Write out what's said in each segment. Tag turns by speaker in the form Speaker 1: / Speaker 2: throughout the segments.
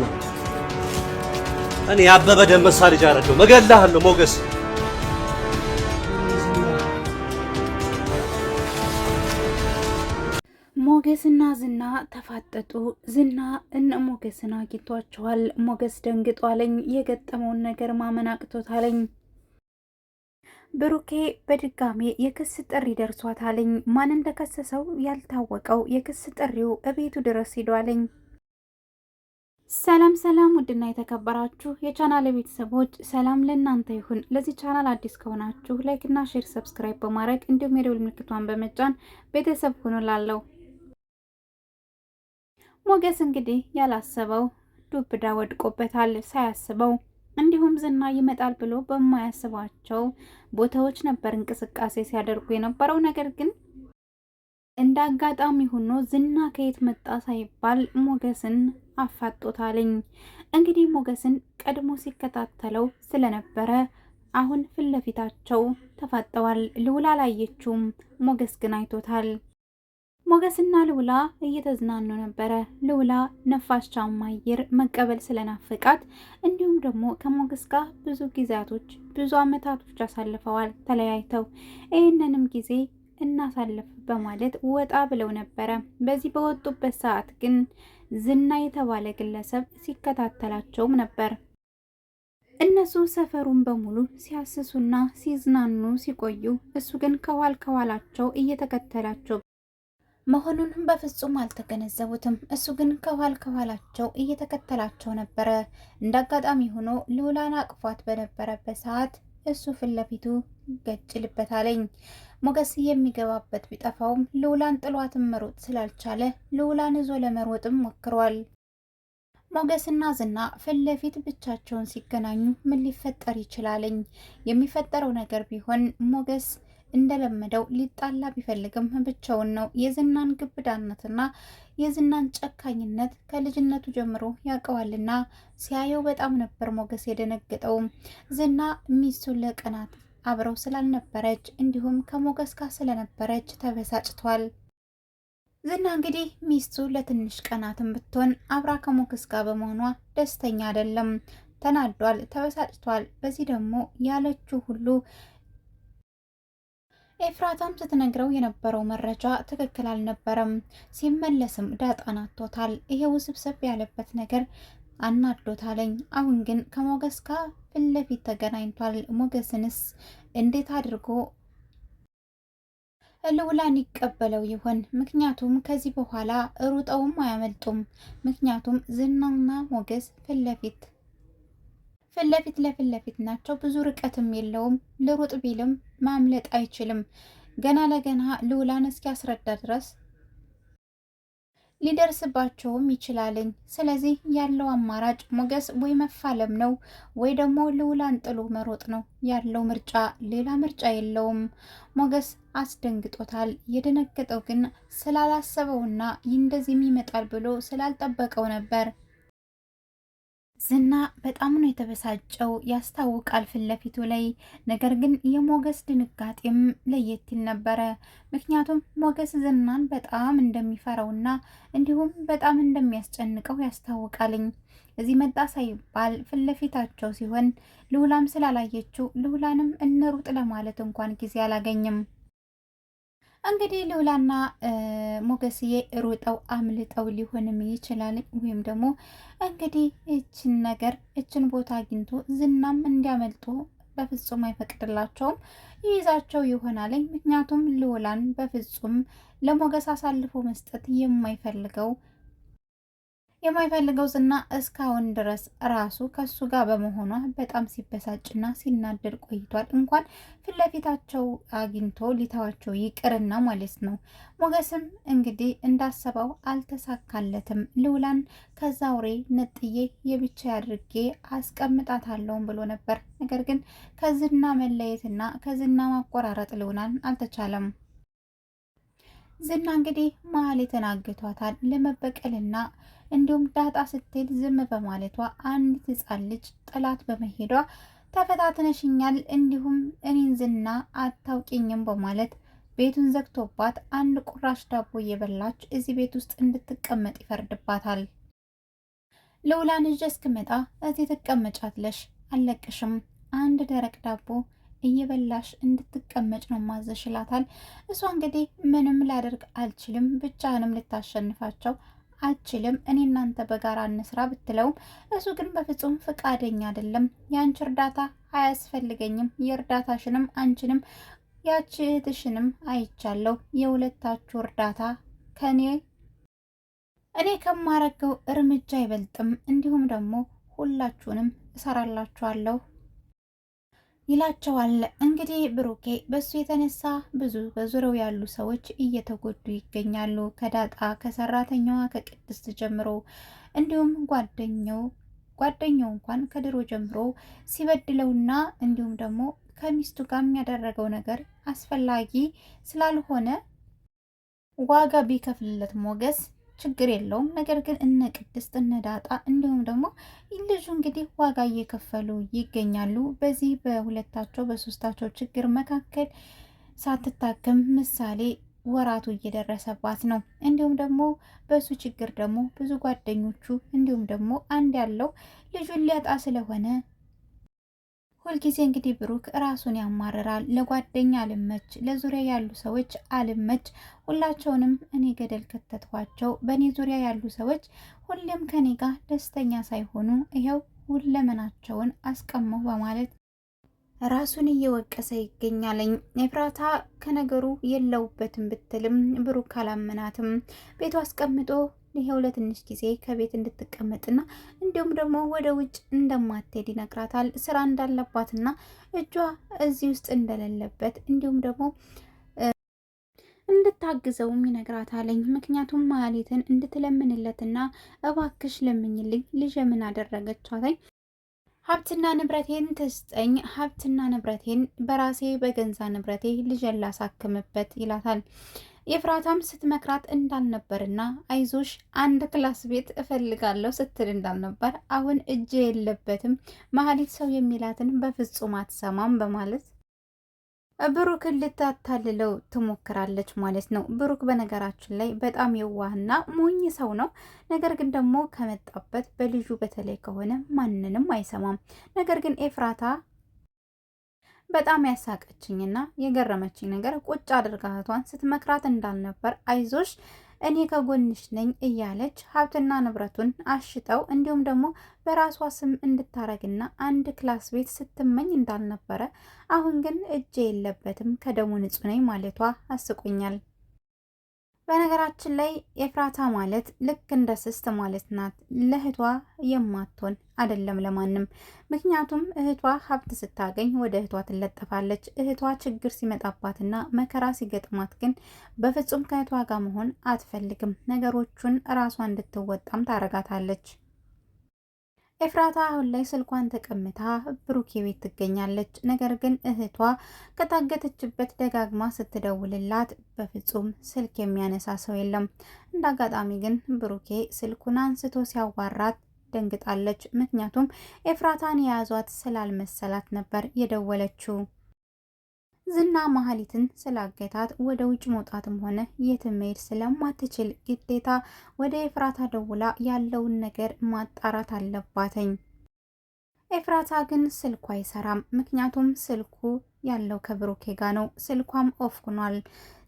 Speaker 1: ነው። እኔ አበበ ደመሳ ልጅ አረደው መገላሃለሁ ሞገስ
Speaker 2: ሞገስና ዝና ተፋጠጡ። ዝና እነ ሞገስን አግኝቷቸዋል። ሞገስ ደንግጧለኝ። የገጠመውን ነገር ማመን አቅቶታለኝ። ብሩኬ በድጋሜ የክስ ጥሪ ደርሷታለኝ። ማን እንደከሰሰው ያልታወቀው የክስ ጥሪው እቤቱ ድረስ ሂዷለኝ። ሰላም ሰላም፣ ውድና የተከበራችሁ የቻናል ቤተሰቦች ሰላም ለእናንተ ይሁን። ለዚህ ቻናል አዲስ ከሆናችሁ እና ሼር፣ ሰብስክራይብ በማድረግ እንዲሁም የደውል ምልክቷን በመጫን ቤተሰብ ሆኖ ላለው ሞገስ እንግዲህ ያላሰበው ዱብ እዳ ወድቆበታል። ሳያስበው እንዲሁም ዝና ይመጣል ብሎ በማያስባቸው ቦታዎች ነበር እንቅስቃሴ ሲያደርጉ የነበረው ነገር ግን እንደ አጋጣሚ ሆኖ ዝና ከየት መጣ ሳይባል ሞገስን አፋጦታልኝ። እንግዲህ ሞገስን ቀድሞ ሲከታተለው ስለነበረ አሁን ፊት ለፊታቸው ተፋጠዋል። ልውላ አላየችውም፣ ሞገስ ግን አይቶታል። ሞገስና ልውላ እየተዝናኑ ነበረ። ልውላ ነፋሻማ አየር መቀበል ስለናፈቃት እንዲሁም ደግሞ ከሞገስ ጋር ብዙ ጊዜያቶች ብዙ አመታቶች አሳልፈዋል ተለያይተው ይህንንም ጊዜ እናሳልፍ በማለት ወጣ ብለው ነበረ። በዚህ በወጡበት ሰዓት ግን ዝና የተባለ ግለሰብ ሲከታተላቸውም ነበር። እነሱ ሰፈሩን በሙሉ ሲያስሱና ሲዝናኑ ሲቆዩ እሱ ግን ከኋል ከኋላቸው እየተከተላቸው መሆኑን በፍጹም አልተገነዘቡትም። እሱ ግን ከኋል ከኋላቸው እየተከተላቸው ነበረ። እንደ አጋጣሚ ሆኖ ልውላን አቅፏት በነበረበት ሰዓት እሱ ፊት ለፊቱ ገጭልበታለኝ። ሞገስ የሚገባበት ቢጠፋውም ልውላን ጥሏትን መሮጥ ስላልቻለ ልውላን ይዞ ለመሮጥም ሞክሯል። ሞገስና ዝና ፊት ለፊት ብቻቸውን ሲገናኙ ምን ሊፈጠር ይችላልኝ የሚፈጠረው ነገር ቢሆን ሞገስ እንደለመደው ሊጣላ ቢፈልግም ብቻውን ነው። የዝናን ግብዳነትና የዝናን ጨካኝነት ከልጅነቱ ጀምሮ ያውቀዋልና ሲያየው በጣም ነበር ሞገስ የደነገጠውም። ዝና ሚስቱን ለቀናት አብረው ስላልነበረች እንዲሁም ከሞገስ ጋር ስለነበረች ተበሳጭቷል። ዝና እንግዲህ ሚስቱ ለትንሽ ቀናትም ብትሆን አብራ ከሞገስ ጋር በመሆኗ ደስተኛ አይደለም። ተናዷል፣ ተበሳጭቷል። በዚህ ደግሞ ያለችው ሁሉ ኤፍራታም ስትነግረው የነበረው መረጃ ትክክል አልነበረም። ሲመለስም ዳጣን አጥቶታል። ይሄ ውስብስብ ያለበት ነገር አናዶታለኝ። አሁን ግን ከሞገስ ጋር ፊት ለፊት ተገናኝቷል። ሞገስንስ እንዴት አድርጎ ልውላን ይቀበለው ይሆን? ምክንያቱም ከዚህ በኋላ ሩጠውም አያመልጡም። ምክንያቱም ዝናና ሞገስ ፊት ለፊት ፊት ለፊት ለፊት ለፊት ናቸው። ብዙ ርቀትም የለውም። ልሩጥ ቢልም ማምለጥ አይችልም። ገና ለገና ልውላን እስኪያስረዳ ድረስ ሊደርስባቸውም ይችላልኝ። ስለዚህ ያለው አማራጭ ሞገስ ወይ መፋለም ነው ወይ ደግሞ ልውላን ጥሎ መሮጥ ነው ያለው ምርጫ፣ ሌላ ምርጫ የለውም። ሞገስ አስደንግጦታል። የደነገጠው ግን ስላላሰበውና እንደዚህም ይመጣል ብሎ ስላልጠበቀው ነበር። ዝና በጣም ነው የተበሳጨው፣ ያስታውቃል ፊት ለፊቱ ላይ። ነገር ግን የሞገስ ድንጋጤም ለየት ይል ነበረ። ምክንያቱም ሞገስ ዝናን በጣም እንደሚፈራውና እንዲሁም በጣም እንደሚያስጨንቀው ያስታውቃልኝ። እዚህ መጣ ሳይባል ፊት ለፊታቸው ሲሆን ልውላም ስላላየችው ልውላንም እንሩጥ ለማለት እንኳን ጊዜ አላገኝም። እንግዲህ ልውላና ሞገስዬ ሩጠው አምልጠው ሊሆንም ይችላል። ወይም ደግሞ እንግዲህ እችን ነገር እችን ቦታ አግኝቶ ዝናም እንዲያመልጡ በፍጹም አይፈቅድላቸውም፣ ይይዛቸው ይሆናል። ምክንያቱም ልውላን በፍጹም ለሞገስ አሳልፎ መስጠት የማይፈልገው የማይፈልገው ዝና እስካሁን ድረስ ራሱ ከሱ ጋር በመሆኗ በጣም ሲበሳጭና ሲናደድ ቆይቷል። እንኳን ፊት ለፊታቸው አግኝቶ ሊተዋቸው ይቅርና ማለት ነው። ሞገስም እንግዲህ እንዳሰበው አልተሳካለትም። ልውላን ከዛ ውሬ ነጥዬ የብቻ አድርጌ አስቀምጣታለሁም ብሎ ነበር። ነገር ግን ከዝና መለየትና ከዝና ማቆራረጥ ልውላን አልተቻለም። ዝና እንግዲህ መሀል የተናግቷታል ለመበቀልና እንዲሁም ዳጣ ስትሄድ ዝም በማለቷ አንዲት ህፃን ልጅ ጥላት በመሄዷ ተፈታትነሽኛል፣ እንዲሁም እኔን ዝና አታውቂኝም በማለት ቤቱን ዘግቶባት አንድ ቁራሽ ዳቦ እየበላች እዚህ ቤት ውስጥ እንድትቀመጥ ይፈርድባታል። ልውላን እጅ እስክመጣ እዚህ ትቀመጫትለሽ፣ አለቅሽም፣ አንድ ደረቅ ዳቦ እየበላሽ እንድትቀመጭ ነው ማዘሽላታል። እሷ እንግዲህ ምንም ላደርግ አልችልም፣ ብቻንም ልታሸንፋቸው አችልም እኔ እናንተ በጋራ እንስራ ብትለውም እሱ ግን በፍጹም ፈቃደኛ አይደለም። የአንቺ እርዳታ አያስፈልገኝም፣ የእርዳታሽንም አንቺንም ያቺ እህትሽንም አይቻለሁ። የሁለታችሁ እርዳታ ከኔ እኔ ከማረገው እርምጃ አይበልጥም። እንዲሁም ደግሞ ሁላችሁንም እሰራላችኋለሁ ይላቸዋል። እንግዲህ ብሩኬ በሱ የተነሳ ብዙ በዙሪያው ያሉ ሰዎች እየተጎዱ ይገኛሉ። ከዳጣ ከሰራተኛዋ ከቅድስት ጀምሮ እንዲሁም ጓደኛው ጓደኛው እንኳን ከድሮ ጀምሮ ሲበድለውና እንዲሁም ደግሞ ከሚስቱ ጋር የሚያደረገው ነገር አስፈላጊ ስላልሆነ ዋጋ ቢከፍልለት ሞገስ ችግር የለውም። ነገር ግን እነ ቅድስት እነ ዳጣ እንዲሁም ደግሞ ልጁ እንግዲህ ዋጋ እየከፈሉ ይገኛሉ። በዚህ በሁለታቸው በሶስታቸው ችግር መካከል ሳትታከም ምሳሌ ወራቱ እየደረሰባት ነው። እንዲሁም ደግሞ በሱ ችግር ደግሞ ብዙ ጓደኞቹ እንዲሁም ደግሞ አንድ ያለው ልጁን ሊያጣ ስለሆነ ሁልጊዜ እንግዲህ ብሩክ ራሱን ያማርራል። ለጓደኛ አልመች፣ ለዙሪያ ያሉ ሰዎች አልመች፣ ሁላቸውንም እኔ ገደል ከተትኳቸው። በእኔ ዙሪያ ያሉ ሰዎች ሁሌም ከኔ ጋር ደስተኛ ሳይሆኑ ይኸው ሁለመናቸውን አስቀመው በማለት ራሱን እየወቀሰ ይገኛለኝ። ኤፍራታ ከነገሩ የለውበትም ብትልም ብሩክ አላመናትም። ቤቱ አስቀምጦ ይሄው ለትንሽ ጊዜ ከቤት እንድትቀመጥና እንዲሁም ደግሞ ወደ ውጭ እንደማትሄድ ይነግራታል። ስራ እንዳለባትና እጇ እዚህ ውስጥ እንደሌለበት እንዲሁም ደግሞ እንድታግዘውም ይነግራታለኝ። ምክንያቱም ማህሌትን እንድትለምንለትና እባክሽ ለምኝልኝ ልጄ ምን አደረገቻተኝ ሀብትና ንብረቴን ትስጠኝ፣ ሀብትና ንብረቴን በራሴ በገንዛ ንብረቴ ልጄን ላሳክምበት ይላታል። ኤፍራታም ስትመክራት እንዳልነበርና አይዞሽ አንድ ክላስ ቤት እፈልጋለሁ ስትል እንዳልነበር አሁን እጅ የለበትም መሀሊት ሰው የሚላትን በፍጹም አትሰማም በማለት ብሩክን ልታታልለው ትሞክራለች ማለት ነው። ብሩክ በነገራችን ላይ በጣም የዋህና ሞኝ ሰው ነው። ነገር ግን ደግሞ ከመጣበት በልዩ በተለይ ከሆነ ማንንም አይሰማም። ነገር ግን ኤፍራታ በጣም ያሳቀችኝና የገረመችኝ ነገር ቁጭ አድርጋ እህቷን ስትመክራት እንዳልነበር አይዞሽ እኔ ከጎንሽ ነኝ እያለች ሀብትና ንብረቱን አሽጠው እንዲሁም ደግሞ በራሷ ስም እንድታረግና አንድ ክላስ ቤት ስትመኝ እንዳልነበረ አሁን ግን እጄ የለበትም ከደሙ ንጹህ ነኝ ማለቷ አስቆኛል። በነገራችን ላይ ኤፍራታ ማለት ልክ እንደ ስስት ማለት ናት። ለእህቷ የማትሆን አይደለም ለማንም። ምክንያቱም እህቷ ሀብት ስታገኝ ወደ እህቷ ትለጠፋለች። እህቷ ችግር ሲመጣባትና መከራ ሲገጥማት ግን በፍጹም ከእህቷ ጋር መሆን አትፈልግም። ነገሮቹን ራሷ እንድትወጣም ታረጋታለች። ኤፍራታ አሁን ላይ ስልኳን ተቀምታ ብሩኬ ቤት ትገኛለች። ነገር ግን እህቷ ከታገተችበት ደጋግማ ስትደውልላት በፍጹም ስልክ የሚያነሳ ሰው የለም። እንደ አጋጣሚ ግን ብሩኬ ስልኩን አንስቶ ሲያዋራት ደንግጣለች። ምክንያቱም ኤፍራታን የያዟት ስላልመሰላት ነበር የደወለችው። ዝና መሀሊትን ስላገታት ወደ ውጭ መውጣትም ሆነ የትም መሄድ ስለማትችል ግዴታ ወደ ኤፍራታ ደውላ ያለውን ነገር ማጣራት አለባትኝ። ኤፍራታ ግን ስልኩ አይሰራም። ምክንያቱም ስልኩ ያለው ከብሩኬ ጋ ነው። ስልኳም ኦፍኩኗል። ሆኗል።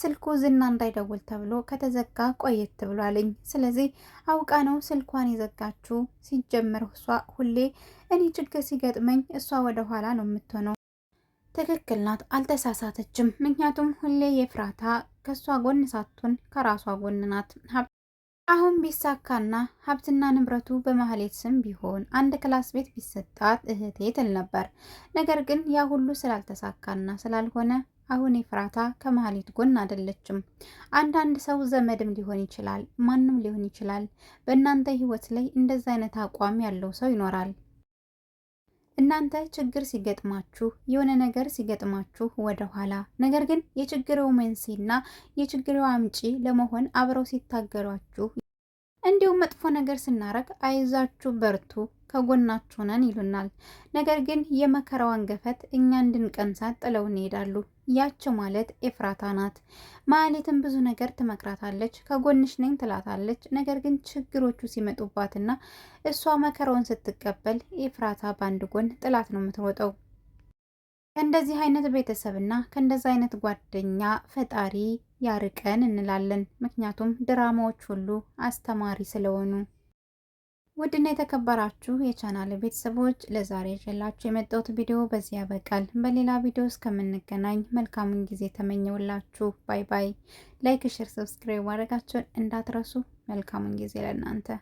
Speaker 2: ስልኩ ዝና እንዳይደውል ተብሎ ከተዘጋ ቆየት ብሏልኝ። ስለዚህ አውቃ ነው ስልኳን የዘጋችው። ሲጀመር እሷ ሁሌ እኔ ችግር ሲገጥመኝ እሷ ወደኋላ ነው የምትሆነው። ትክክል ናት፣ አልተሳሳተችም። ምክንያቱም ሁሌ የፍራታ ከእሷ ጎን ሳትሆን ከራሷ ጎን ናት። አሁን ቢሳካና ሀብትና ንብረቱ በማህሌት ስም ቢሆን አንድ ክላስ ቤት ቢሰጣት እህቴ ትል ነበር። ነገር ግን ያ ሁሉ ስላልተሳካና ስላልሆነ አሁን የፍራታ ከማህሌት ጎን አይደለችም። አንዳንድ ሰው ዘመድም ሊሆን ይችላል፣ ማንም ሊሆን ይችላል። በእናንተ ህይወት ላይ እንደዛ አይነት አቋም ያለው ሰው ይኖራል። እናንተ ችግር ሲገጥማችሁ የሆነ ነገር ሲገጥማችሁ ወደ ኋላ ነገር ግን የችግሩ መንስኤና የችግሩ አምጪ ለመሆን አብረው ሲታገሏችሁ እንዲሁም መጥፎ ነገር ስናረግ አይዛችሁ በርቱ ከጎናችሁ ነን ይሉናል። ነገር ግን የመከራዋን ገፈት እኛ እንድንቀምሳት ጥለውን ይሄዳሉ። ያቸው ማለት ኤፍራታ ናት። ማለትም ብዙ ነገር ትመክራታለች፣ ከጎንሽ ነኝ ትላታለች። ነገር ግን ችግሮቹ ሲመጡባትና እሷ መከራውን ስትቀበል ኤፍራታ በአንድ ጎን ጥላት ነው የምትሮጠው። ከእንደዚህ አይነት ቤተሰብና ከእንደዚህ አይነት ጓደኛ ፈጣሪ ያርቀን እንላለን። ምክንያቱም ድራማዎች ሁሉ አስተማሪ ስለሆኑ። ውድና የተከበራችሁ የቻናል ቤተሰቦች ለዛሬ ይዤላችሁ የመጣሁት ቪዲዮ በዚህ ያበቃል። በሌላ ቪዲዮ እስከምንገናኝ መልካሙን ጊዜ ተመኘውላችሁ። ባይ ባይ። ላይክ፣ ሼር፣ ሰብስክራይብ ማድረጋችሁን እንዳትረሱ። መልካሙን ጊዜ ለእናንተ